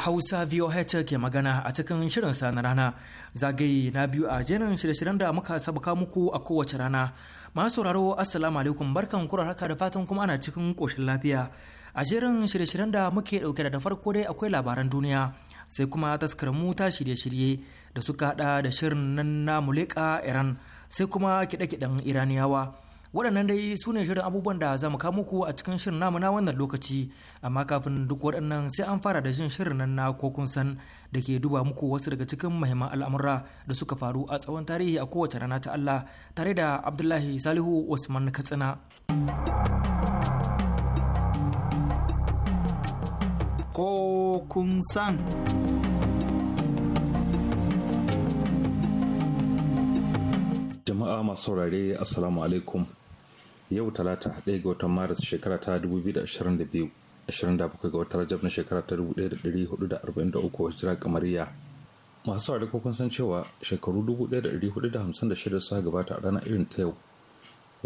Hausa VOH ke magana a cikin shirin sa na rana zagaye na biyu a jerin shirye-shiryen da muka sabuka muku a kowace rana. Masu sauraro Assalamu alaikum barkan kura haka da fatan kuma ana cikin koshin lafiya. A jerin shirye-shiryen da muke ɗauke da farko dai akwai labaran duniya sai kuma taskar mu ta shirye-shirye da suka hada da shirin nan na Muleka Iran sai kuma kiɗe-kiɗen Iraniyawa. waɗannan dai su ne shirin abubuwan da za mu kamo ku a cikin shirin namu na wannan lokaci amma kafin duk waɗannan sai an fara da jin shirin nan na ko kun san da ke duba muku wasu daga cikin muhimman al'amura da suka faru a tsawon tarihi a kowace rana ta Allah tare da Abdullahi Salihu Usman Katsina. Ko kun san. Jama'a masu saurare Assalamu alaikum. yau talata ɗaya ga watan maris shekara ta 2022 27 ga watan rajab na shekara ta 1443 hijira kamariya masu sauri ko kun san cewa shekaru 1456 su gabata a ranar irin ta yau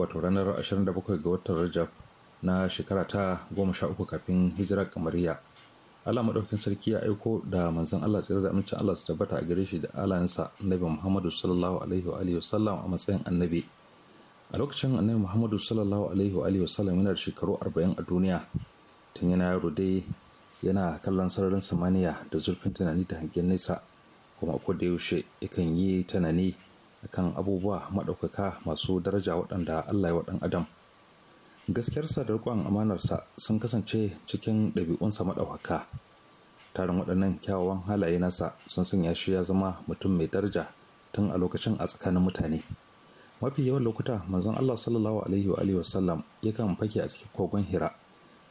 wato ranar 27 ga watan rajab na shekara ta 13 kafin hijira kamariya Allah maɗaukin sarki ya aiko da manzon Allah tsira da amincin Allah su tabbata a gare shi da alayensa Annabi Muhammadu sallallahu alaihi wa alihi a matsayin annabi a lokacin annabi muhammadu sallallahu alaihi wa wasallam yana da shekaru arba'in a duniya tun yana yaro dai yana kallon sararin samaniya da zurfin tunani da hangen nesa kuma ko da yaushe yakan yi tunani akan abubuwa maɗaukaka masu daraja waɗanda allah ya waɗan adam gaskiyarsa da riƙon amanarsa sun kasance cikin ɗabi'unsa maɗaukaka tarin waɗannan kyawawan halaye nasa sun sanya shi ya zama mutum mai daraja tun a lokacin a tsakanin mutane mafi yawan lokuta manzon Allah sallallahu alaihi wa alihi wasallam yakan fake a cikin kogon Hira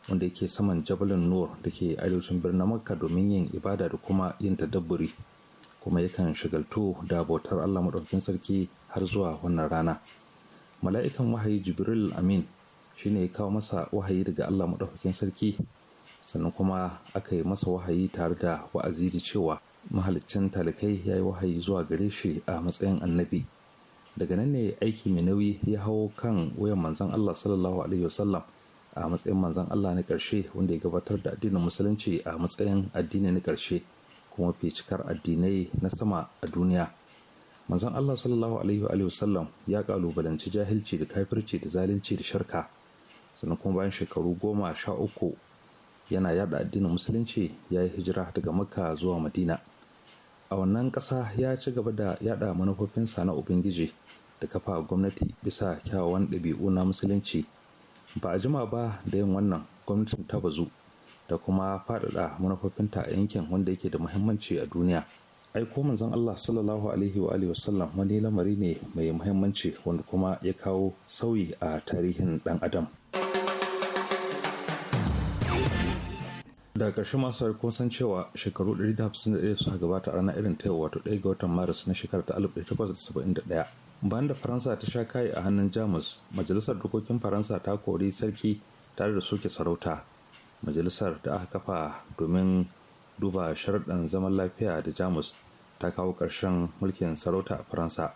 wanda yake saman Jabalin Nur da ke arewacin birnin Makka domin yin ibada da kuma yin tadabburi kuma yakan shagaltu da bautar Allah madaukakin sarki har zuwa wannan rana mala'ikan wahayi Jibril Amin shine ya kawo masa wahayi daga Allah madaukakin sarki sannan kuma aka yi masa wahayi tare da wa'azi da cewa mahaliccin talakai ya yi wahayi zuwa gare shi a matsayin annabi daga nan ne aiki mai nauyi ya hau kan wayan manzan Allah sallallahu alaihi wasallam a matsayin manzan Allah na karshe wanda ya gabatar da addinin musulunci a matsayin addini na karshe kuma cikar addinai na sama a duniya manzan Allah sallallahu alaihi wasallam ya kalubalanci jahilci da kafirci da zalunci da shirka sannan kuma bayan shekaru goma sha uku yana yada addinin musulunci ya yi hijira daga makka zuwa madina a wannan ƙasa ya ci gaba da yada manufofinsa na ubangiji da kafa gwamnati bisa kyawawan ɗabi'u na musulunci ba a jima ba da yin wannan gwamnatin ta bazu da kuma faɗaɗa manufofinta a yankin wanda yake da muhimmanci a duniya aiko manzon Allah sallallahu alaihi wa alihi wasallam wani lamari ne mai muhimmanci wanda kuma ya kawo sauyi a tarihin dan adam. da karshe masu kun san cewa shekaru 151 suka gabata a ranar irin ta yau wato 1 ga watan maris na shekarar ta 1871 bayan da faransa ta sha kai a hannun jamus majalisar dokokin faransa ta kori sarki tare da soke sarauta majalisar da aka kafa domin duba sharaɗin zaman lafiya da jamus ta kawo ƙarshen mulkin sarauta a faransa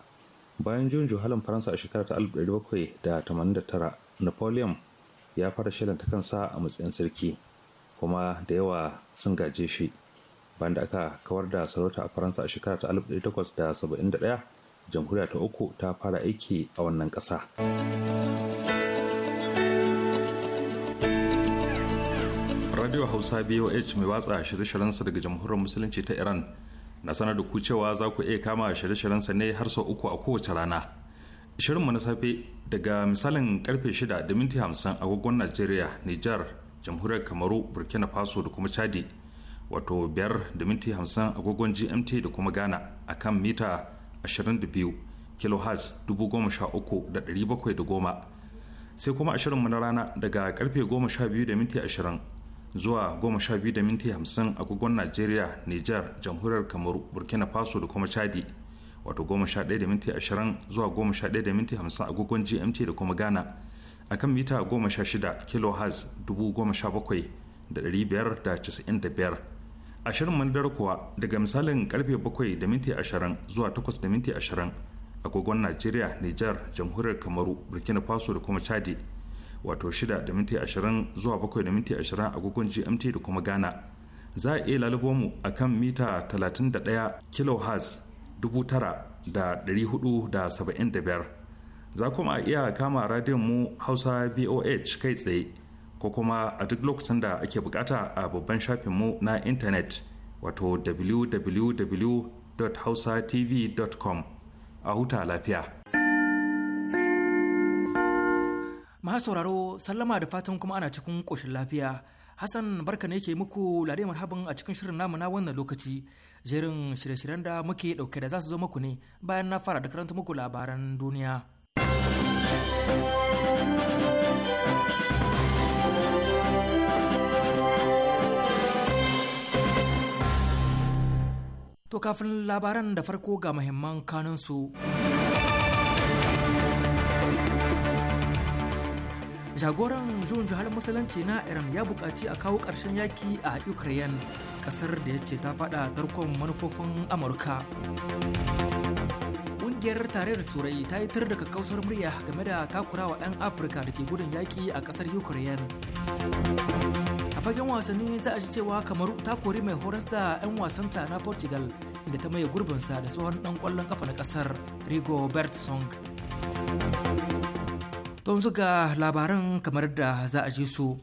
bayan juyin juhalin faransa a shekarar ta 1789 napoleon ya fara shirin ta kansa a matsayin sarki kuma da yawa sun gaje shi bayan da aka kawar da sarauta a faransa a shekara ta 1871 jamhuriya ta uku ta fara aiki a wannan ƙasa. radio hausa boh mai watsa shirye-shiryensa daga jamhuriyar musulunci ta iran na sanar da ku cewa za ku iya kama shirye-shiryensa ne har sau uku a kowace rana shirinmu na safe daga misalin karfe 6 da minti 50 agogon najeriya nijar jamhuriyar kamaru burkina faso da kuma chadi wato 5 da minti 50 agogon gmt da kuma ghana a kan mita 22 kilohertz 13710 sai kuma ashirinmu na rana daga karfe 12 da minti 20 zuwa 12 da minti 50 agogon nigeria niger jamhuriyar kamaru burkina faso da kuma chadi wato 11 da minti 20 zuwa 11 da minti 50 agogon gmt da kuma ghana a kan mita 16 kHz 17,595 a shirin mandar kuwa daga misalin karfe 7 da minti 20 zuwa 8 da minti 20 agogon najeriya Nijar, jamhuriyar kamaru burkina faso da kuma chadi wato 6 da minti 20 zuwa 7 da minti 20 agogon gmt da kuma ghana za a iya lalubo mu a kan mita 31 kHz 9,475 za kuma iya kama radiyon mu hausa voh kai tsaye ko kuma a duk lokacin da ake bukata a babban mu na intanet wato www.hausatv.com a huta lafiya. Masu sauraro sallama da fatan kuma ana cikin koshin lafiya. Hassan barka ne ke muku lare marhaban a cikin shirin namu na wannan lokaci. Jerin shirye-shiryen da muke dauke da za su zo muku ne bayan na fara da karanta muku labaran duniya. To kafin labaran da farko ga mahimman kanunsu. Jagoran zuwan jihar musulunci na Iran ya buƙaci a kawo ƙarshen yaki a Ukraine, ƙasar da ya ce ta faɗa tarkon manufofin Amurka. Ƙungiyar tarayyar Turai ta yi tar da kakkausar murya game da takurawa 'yan Afirka da ke gudun yaƙi a ƙasar Ukraine. A fagen wasanni za a ji cewa Kamaru ta kori mai horas da 'yan wasanta na Portugal inda ta maye gurbinsa da tsohon ɗan ƙwallon kafa na ƙasar Rigo Song. Don zuga labaran kamar da za a ji su.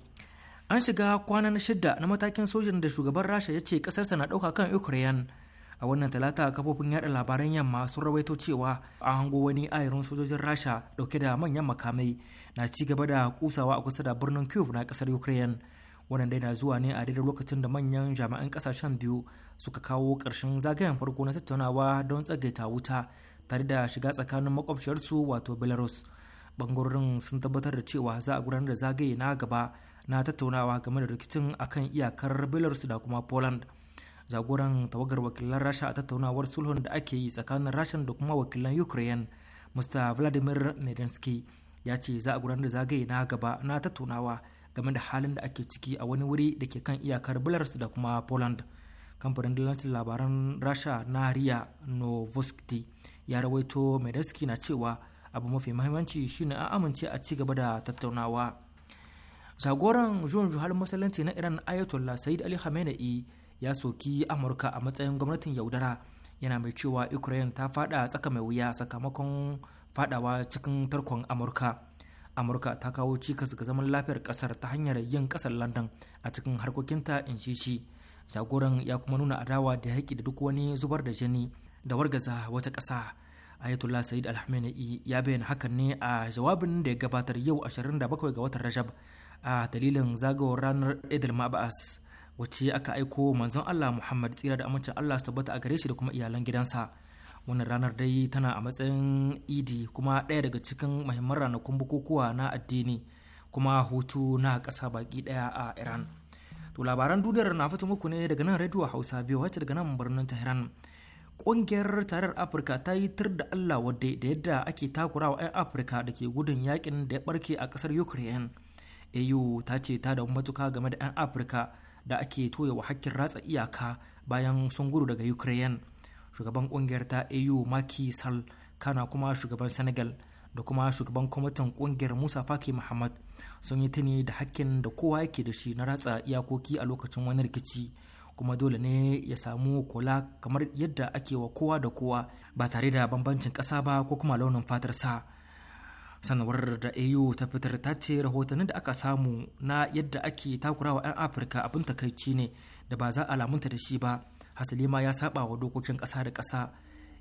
An shiga kwanan shida na matakin sojin da shugaban Rasha ya ce ƙasarsa na ɗauka kan Ukraine a wannan talata kafofin yada labaran yamma sun rawaito cewa a hango wani ayarin sojojin rasha dauke da manyan makamai na ci gaba da kusawa a kusa da birnin kyiv na kasar ukraine wannan dai na zuwa ne a daidai lokacin da manyan jami'an kasashen biyu suka kawo ƙarshen zagayen farko na tattaunawa don tsagaita wuta tare da shiga tsakanin makwabciyarsu wato belarus bangarorin sun tabbatar da cewa za a gudanar da zagaye na gaba na tattaunawa game da rikicin akan iyakar belarus da kuma poland zagoran tawagar wakilan rasha a tattaunawar sulhun da ake yi tsakanin rashan da kuma wakilan ukraine mr vladimir medinsky ya ce za a gudanar da zagaye na gaba na tattaunawa game da halin da ake ciki a wani wuri da ke kan iyakar belarus da kuma poland kamfanin dalancin labaran rasha na ria novosti ya rawaito medinsky na cewa abu mafi mahimmanci shine a amince a ci gaba da tattaunawa zagoran juyin juhar musulunci na iran ayatollah said ali khamenei ya soki amurka a matsayin gwamnatin yaudara yana mai cewa ukraine ta fada tsaka mai wuya sakamakon fadawa cikin tarkon amurka amurka ta kawo cikas ga zaman lafiyar kasar ta hanyar yin kasar london a cikin harkokinta in shi shi jagoran ya kuma nuna adawa da haƙi da duk wani zubar da jini da wargaza wata ƙasa ayatollah said alhamenei ya bayyana hakan ne a jawabin da ya gabatar yau 27 ga watan rajab a dalilin zagawar ranar idil mabas wacce aka aiko manzon Allah Muhammad tsira da amincin Allah su tabbata a gare shi da kuma iyalan gidansa wannan ranar dai tana a matsayin idi kuma ɗaya daga cikin muhimman ranakun bukukuwa na addini kuma hutu na ƙasa baki ɗaya a Iran to labaran duniyar na fito muku ne daga nan radio Hausa biyu wacce daga nan birnin Tehran ƙungiyar tarar Afirka ta yi tur da Allah wadda da yadda ake takurawa 'yan Afirka da ke gudun yakin da ya barke a ƙasar Ukraine AU ta ce ta da matuka game da 'yan Afirka da ake toya wa hakkin ratsa iyaka bayan sun gudu daga ukraine shugaban kungiyar ta au maki sal kana kuma shugaban senegal da kuma shugaban kwamitin kungiyar musa faki muhammad sun yi tuni da hakkin da kowa yake da shi na ratsa iyakoki a lokacin wani rikici kuma dole ne ya samu kula kamar yadda ake wa kowa da kowa ba tare da bambancin ƙasa ba ko kuma launin fatar sa sanarwar da au ta fitar ta ce rahotannin da aka samu na yadda ake takurawa 'yan afirka abin takaici ne da ba za a lamunta da shi ba hasali ma ya saba wa dokokin ƙasa da ƙasa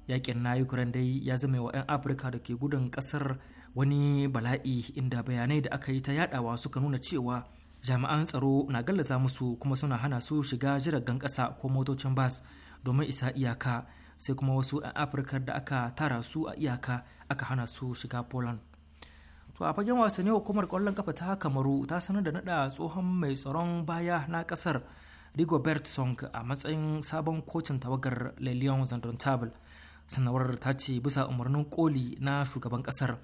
yakin na ukraine dai ya zama wa 'yan afirka da ke gudun ƙasar wani bala'i inda bayanai da aka yi ta yadawa suka nuna cewa jami'an tsaro na gallaza musu kuma suna hana su shiga jiragen ƙasa ko motocin bas domin isa iyaka sai kuma wasu 'yan afirka da aka tara su a iyaka aka hana su shiga poland to a fagen wasanni hukumar kwallon kafa ta kamaru ta sanar da nada tsohon mai tsaron baya na kasar rigobert song a matsayin sabon kocin tawagar le lion zandontabl sanawar ta ce bisa umarnin koli na shugaban kasar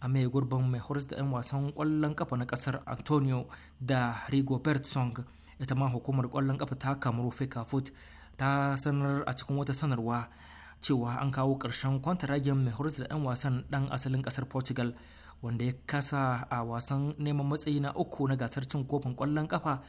a mai gurbin mai horis da 'yan wasan kwallon kafa na kasar antonio da rigobert song ita ma hukumar kwallon kafa ta kamaru fika foot ta sanar a cikin wata sanarwa cewa an kawo ƙarshen kwantaragen mai horis da 'yan wasan ɗan asalin ƙasar portugal wanda ya kasa a wasan neman matsayi na uku na gasar cin kofin kwallon kafa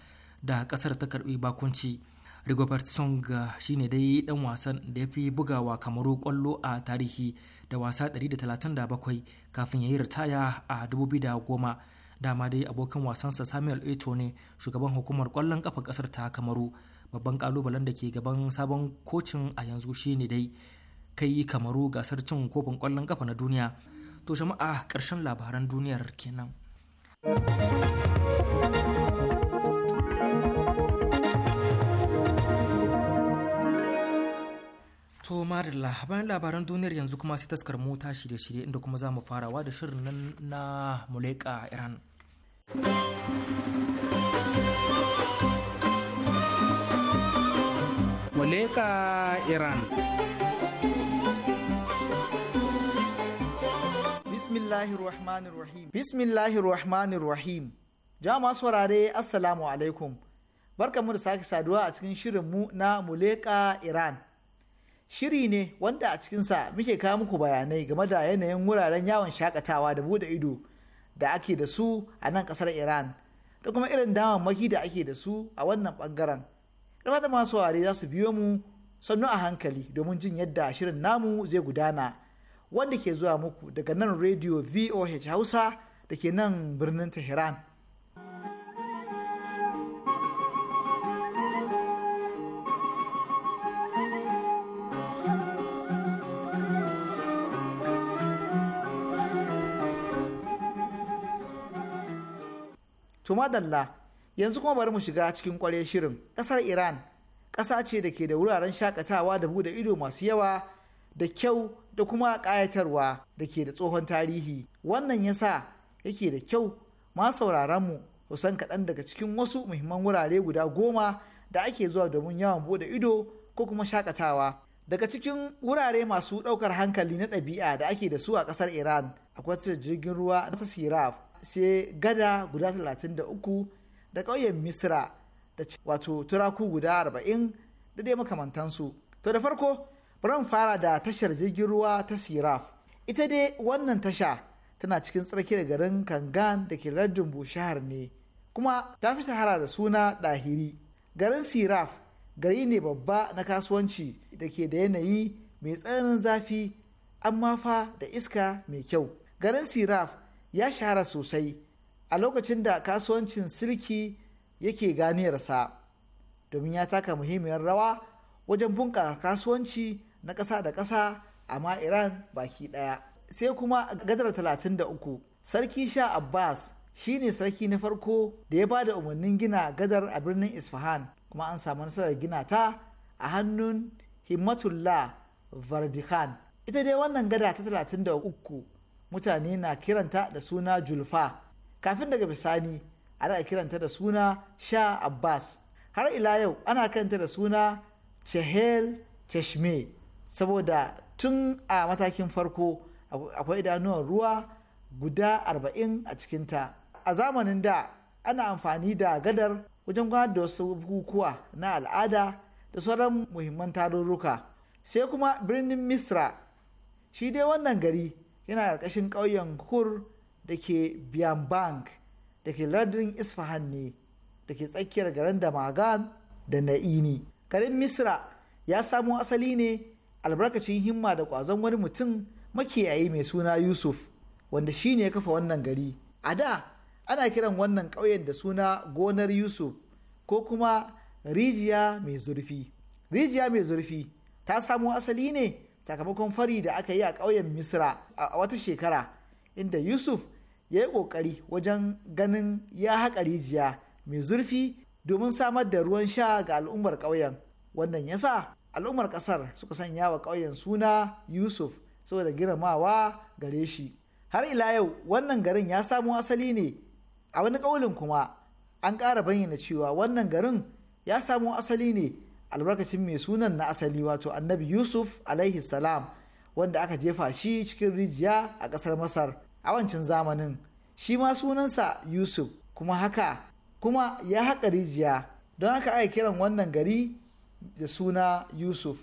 da kasar ta karbi bakunci rigobert song shine dai dan wasan da ya fi bugawa kamaru kwallo a tarihi da wasa 137 kafin ya yi ritaya a 2010 dama dai abokan wasansa samuel eto ne shugaban hukumar kwallon kafa kasar ta kamaru babban kalubalen da ke gaban sabon kocin a yanzu shine dai kai kamaru gasar cin kofin kwallon kafa na duniya to jama'a ƙarshen labaran duniyar kenan. To Marilla, bayan labaran duniyar yanzu kuma sai taskar mota shirye-shirye inda kuma za mu farawa da shirin nan na Muleka Iran. Muleka Iran. bismillahir rahmanir rahim masu warare assalamu alaikum barkamu da sake saduwa a cikin shirin mu na muleka iran shiri ne wanda a cikinsa muke kawo muku bayanai game da yanayin wuraren yawon shakatawa da bude ido da ake da su a nan kasar iran da kuma irin damammaki da ake da su a wannan bangaren da masu ware za su biyo mu sannu a hankali domin jin yadda shirin namu zai gudana wanda ke zuwa muku daga nan radio voh hausa da ke nan birnin tehran tumadalla yanzu kuma bari mu shiga cikin kwarai shirin kasar Iran ƙasa ce da ke da wuraren shakatawa da bude ido masu yawa da kyau da kuma ƙayatarwa da ke da tsohon tarihi wannan ya sa yake da kyau ma sauraronmu mu san kaɗan daga cikin wasu muhimman wurare guda goma da ake zuwa domin yawon bude ido ko kuma shakatawa daga cikin wurare masu ɗaukar hankali na ɗabi'a da ake da su a ƙasar iran akwai jirgin ruwa na siraf sai gada guda 33 da ƙauyen misra da wato turaku guda 40 da dai makamantansu to da farko baran fara da tashar jirgin ruwa ta Siraf. Ita dai wannan tasha tana cikin tsarki da garin Kangan da ke lardin Bushahar ne, kuma ta fi shahara da suna ɗahiri. Garin Siraf gari ne babba na kasuwanci da ke da yanayi mai tsananin zafi amma fa da iska mai kyau. Garin Siraf ya shahara sosai a lokacin da kasuwancin silki yake ganiyarsa domin ya taka muhimmiyar rawa wajen bunƙasa kasuwanci na ƙasa da ƙasa amma iran baki ɗaya sai kuma gadar 33 sarki sha abbas shi ne sarki na farko da ya ba da umarnin gina gadar a birnin isfahan kuma an samu nasarar gina ta a hannun himmatullah vardikhan ita dai wannan gada ta 33 mutane na kiranta da suna julfa kafin daga bisani ana kiranta da suna sha abbas har ila yau ana kanta da suna chehel cheshmeh saboda tun a matakin farko akwai idanuwan ruwa guda arba'in a cikinta a zamanin da ana amfani da gadar wajen gudanar da wasu bukukuwa na al'ada da sauran muhimman tarurruka sai kuma birnin misra shi dai wannan gari yana ƙarƙashin ƙauyen kur da ke biyanbank da ke lardin isfahan ne da ke tsakiyar garin da Magan da na'ini garin misra ya samo asali ne albarkacin himma da ƙwazon wani mutum makiyayi mai suna yusuf wanda shi ne ya kafa wannan gari a da ana kiran wannan ƙauyen da suna gonar yusuf ko kuma rijiya mai zurfi rijiya mai zurfi ta samo asali ne sakamakon fari da aka yi a ƙauyen misra a wata shekara inda yusuf ya yi ƙoƙari wajen ganin ya haƙa rijiya mai zurfi domin samar da ruwan sha ga al'ummar ƙauyen wannan ya sa al'ummar kasar suka sanya wa ƙauyen suna yusuf saboda girmamawa gare shi har ila yau wannan garin ya samu asali ne a wani ƙaulin kuma an ƙara bayyana cewa wannan garin ya samu asali ne albarkacin mai sunan na asali wato annabi yusuf alaihi salam wanda aka jefa shi cikin rijiya a ƙasar masar a wancan zamanin shi ma sunansa yusuf kuma haka kuma ya haƙa rijiya don haka aka kiran wannan gari da suna yusuf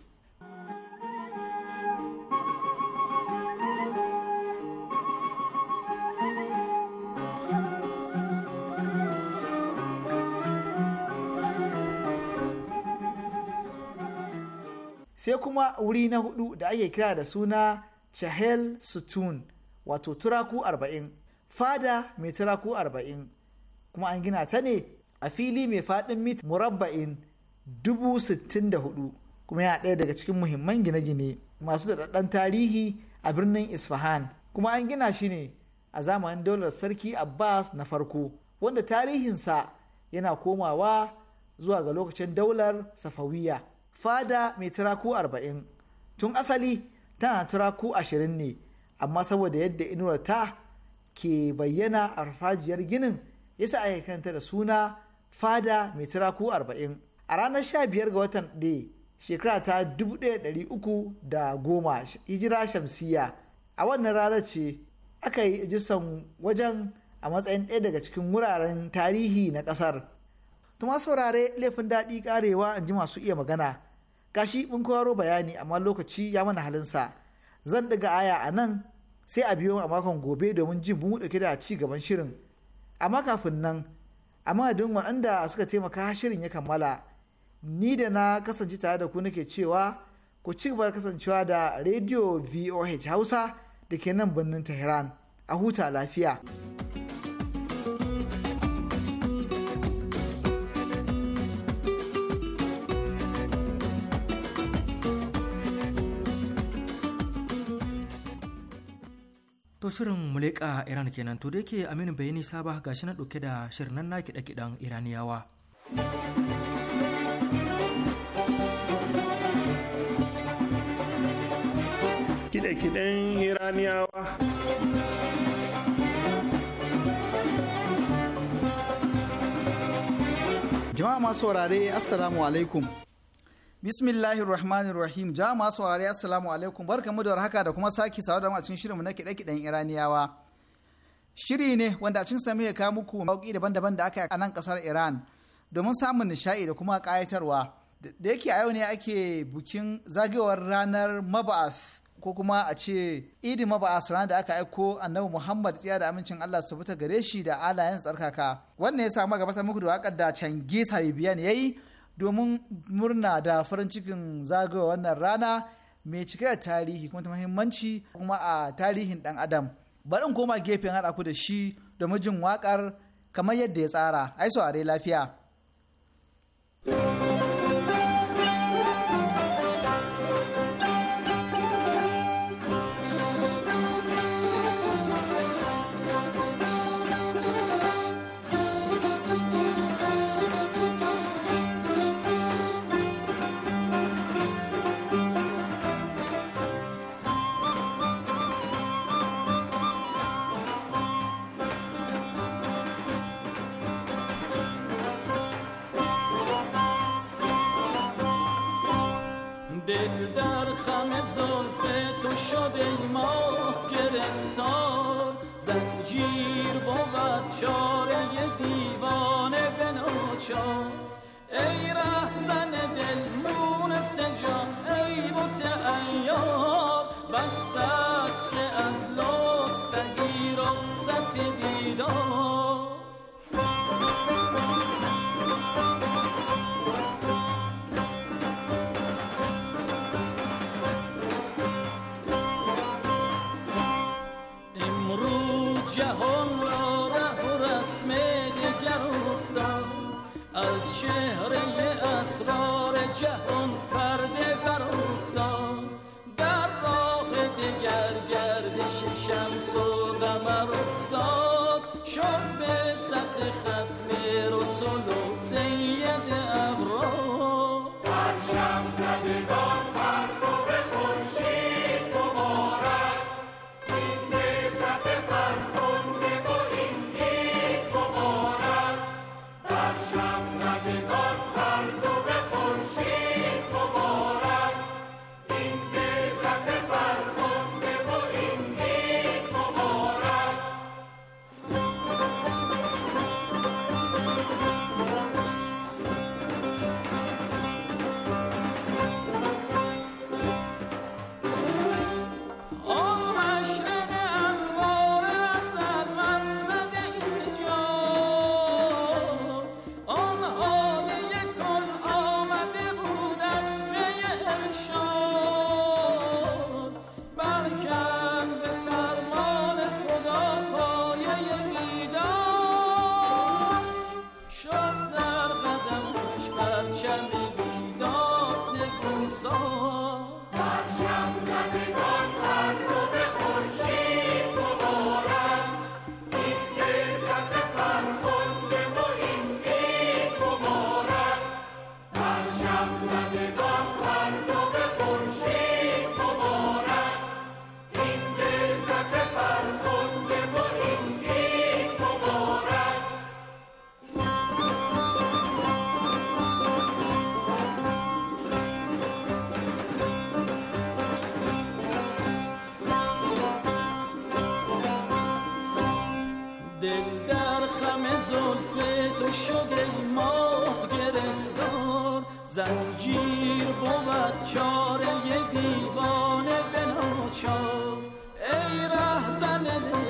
sai kuma wuri na hudu da ake kira da suna chahel sutun wato turaku arba'in fada mai turaku arba'in kuma an gina ta ne a fili mai faɗin mit murabba'in dubu sittin da hudu kuma yana ɗaya daga cikin muhimman gine-gine masu daɗaɗɗen tarihi a birnin isfahan kuma an gina shi ne a zamanin daular sarki abbas na farko wanda tarihinsa yana komawa zuwa ga lokacin daular safawiya fada mai turaku arba'in tun asali tana turaku ashirin ne amma saboda yadda inuwar ta ke bayyana a farfajiyar ginin yasa aka kanta da suna fada mai turaku arba'in a ranar 15 ga watan ɗaya shekara ta 1310 hijira shamsiya a wannan ranar ce aka yi ijisan wajen a matsayin ɗaya daga cikin wuraren tarihi na ƙasar. Tuma saurare laifin daɗi ƙarewa in ji masu iya magana. Gashi mun kwaro bayani amma lokaci ya mana halinsa. Zan ɗaga aya a nan sai a biyo a makon gobe domin jin mu ɗauke da ci gaban shirin. Amma kafin nan, amma duk waɗanda suka taimaka shirin ya kammala. ni da na kasance tare da ku nake cewa ku ci gaba kasancewa da radio voh hausa da ke nan birnin tehran a huta lafiya. To shirin muleka Iran kenan to da yake Aminu Bayani Saba gashi na ɗauke da shirin nan na kiɗe-kiɗen Iraniyawa. kiɗe iraniyawa jama'a masu warare assalamu alaikum bismillahir rahmanir rahim jama'a masu warare assalamu alaikum barkamu da warhaka da kuma sake sawa da mu a cikin shirinmu na kiɗe-kiɗen iraniyawa shiri ne wanda a cikin sami muke kawo muku mauki daban-daban da aka yi a nan kasar iran domin samun nishaɗi da kuma ƙayatarwa da yake a yau ne ake bukin zagayowar ranar maba'af ko kuma a ce idi ma ba a da aka aiko annabi muhammad tsiya da amincin allah su fita gare shi da alayen tsarkaka wannan ya samu bata muku da wakar da cangi sabibiyan ya yi domin murna da farin cikin zagawa wannan rana mai cike da tarihi kuma ta muhimmanci kuma a tarihin dan adam bari in koma gefen haɗa ku da shi domin jin wakar kamar yadda ya tsara ai saurare lafiya دل در خم زلف تو شد ای ماه گرفتار زنجیر بود چاره دیوانه به ای زن دل مون سجان ای بت ایار بدت از که از لطف بگی رخصت دیدار اسرار جهان پیر بود چاره دیوانه به ناچار ای رهزن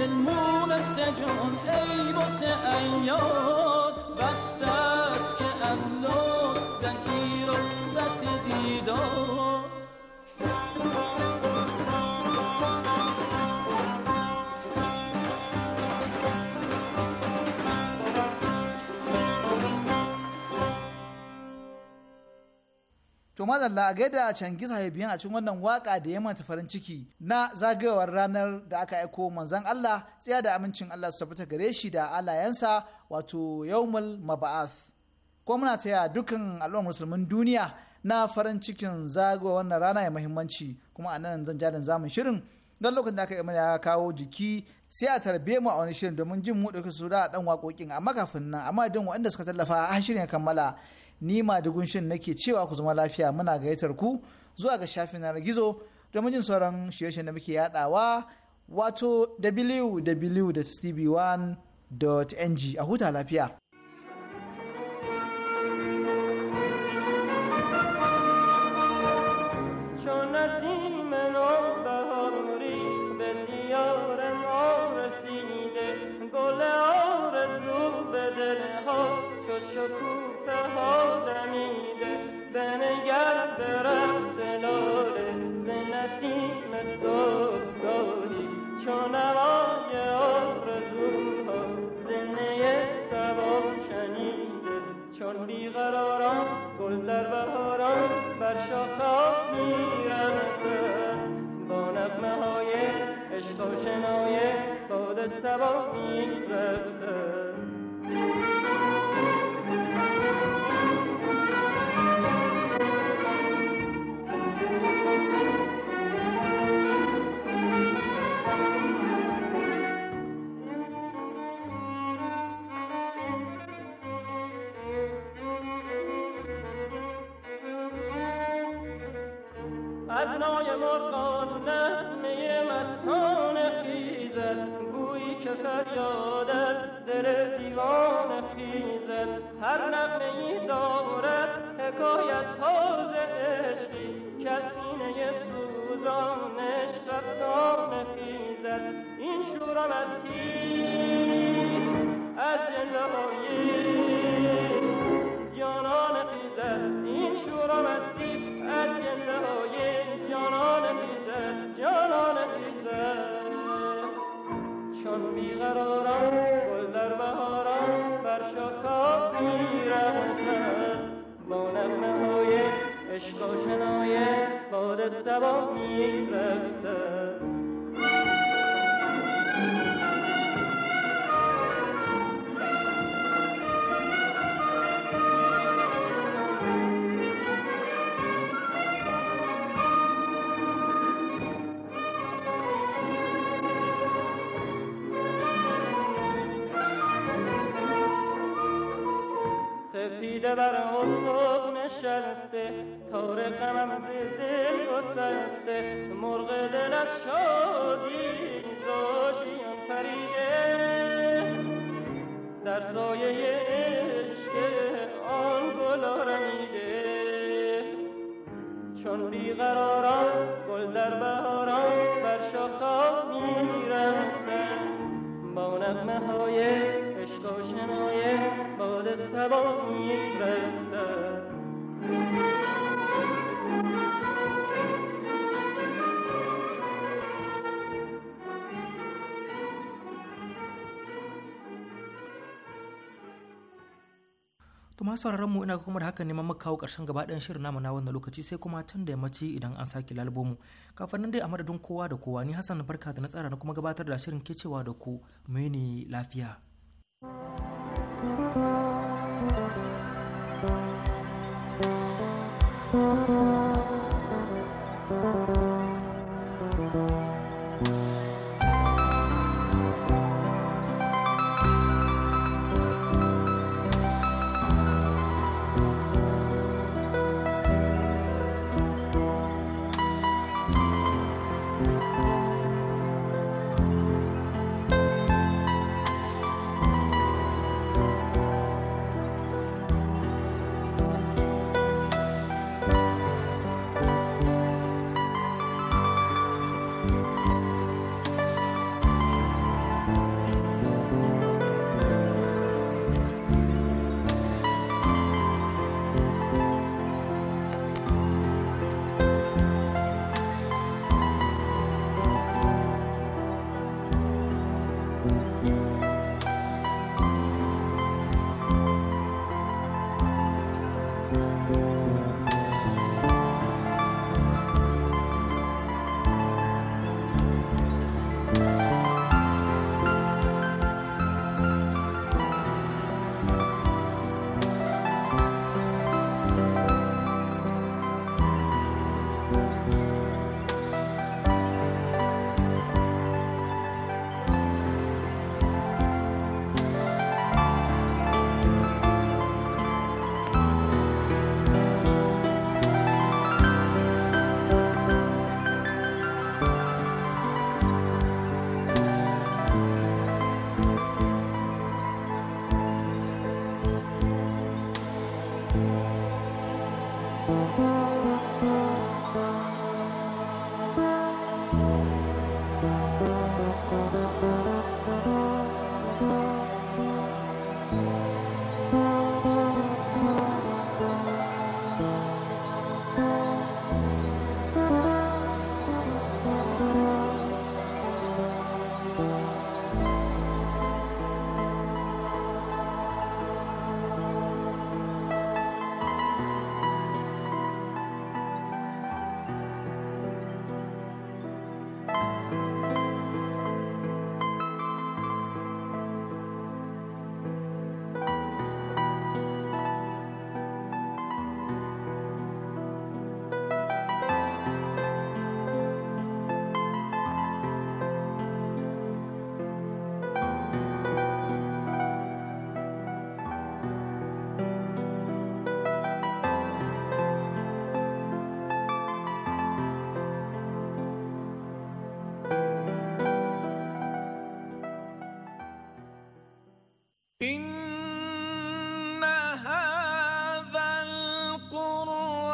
مول جان ای بت ایار وقت است که از لطف دهی رخصت دیدار To madalla a gaida Cengiz Haibiyan a cikin wannan waka da ya manta farin ciki na zagayowar ranar da aka aiko manzon Allah tsaya da amincin Allah su tabbata gare shi da alayansa wato Yaumul Maba'ath. Ko muna taya dukkan al'ummar musulmin duniya na farin cikin zagayowar wannan rana ya muhimmanci kuma a nan zan jadan zamun shirin don lokacin da aka yi ya kawo jiki sai a tarbe mu a wani shirin domin jin mu da su da dan waƙoƙin amma kafin nan amma don waɗanda suka tallafa a shirin ya kammala ni madugun shin nake cewa ku zama lafiya muna gayyatar ku zuwa ga shafin na gizo domin jin sauran shirye da muke yadawa wato www.tv1.ng a huta lafiya. بنگر به رقص لاله ز نسیم صبحگاهی چون نوای آرزوها زنه سبا شنیده چون بیقراران گل در بهاران بر شاخه میرمزد با نغمه های عشق و شنایه باد سبا میرقصد یادت دل دیوان خیزد هر نقمه ای دارد حکایت ها عشقی که از سینه سوزانش رفتان این شورم از کی بیقرارم گل در بهاران بر شاخها میرخسن با نغمه های عشق آشنای باد سبا میرخسن بر افق نشسته تار غمم دل گسسته مرغ دل از شادی زاشیان پریده در سایه عشق آن گل میده چون بیقراران گل در بهاران بر شاخا میرسد با نقمه های عشق و sebą mieć ręce. kuma sauraron mu ina kuma da haka neman muka kawo karshen gaba ɗayan shirin namu na wannan lokaci sai kuma can da yammaci idan an sake lalbomu kafin nan dai a madadin kowa da kowa ni hassan barka da na tsara na kuma gabatar da shirin ke cewa da ku mene lafiya.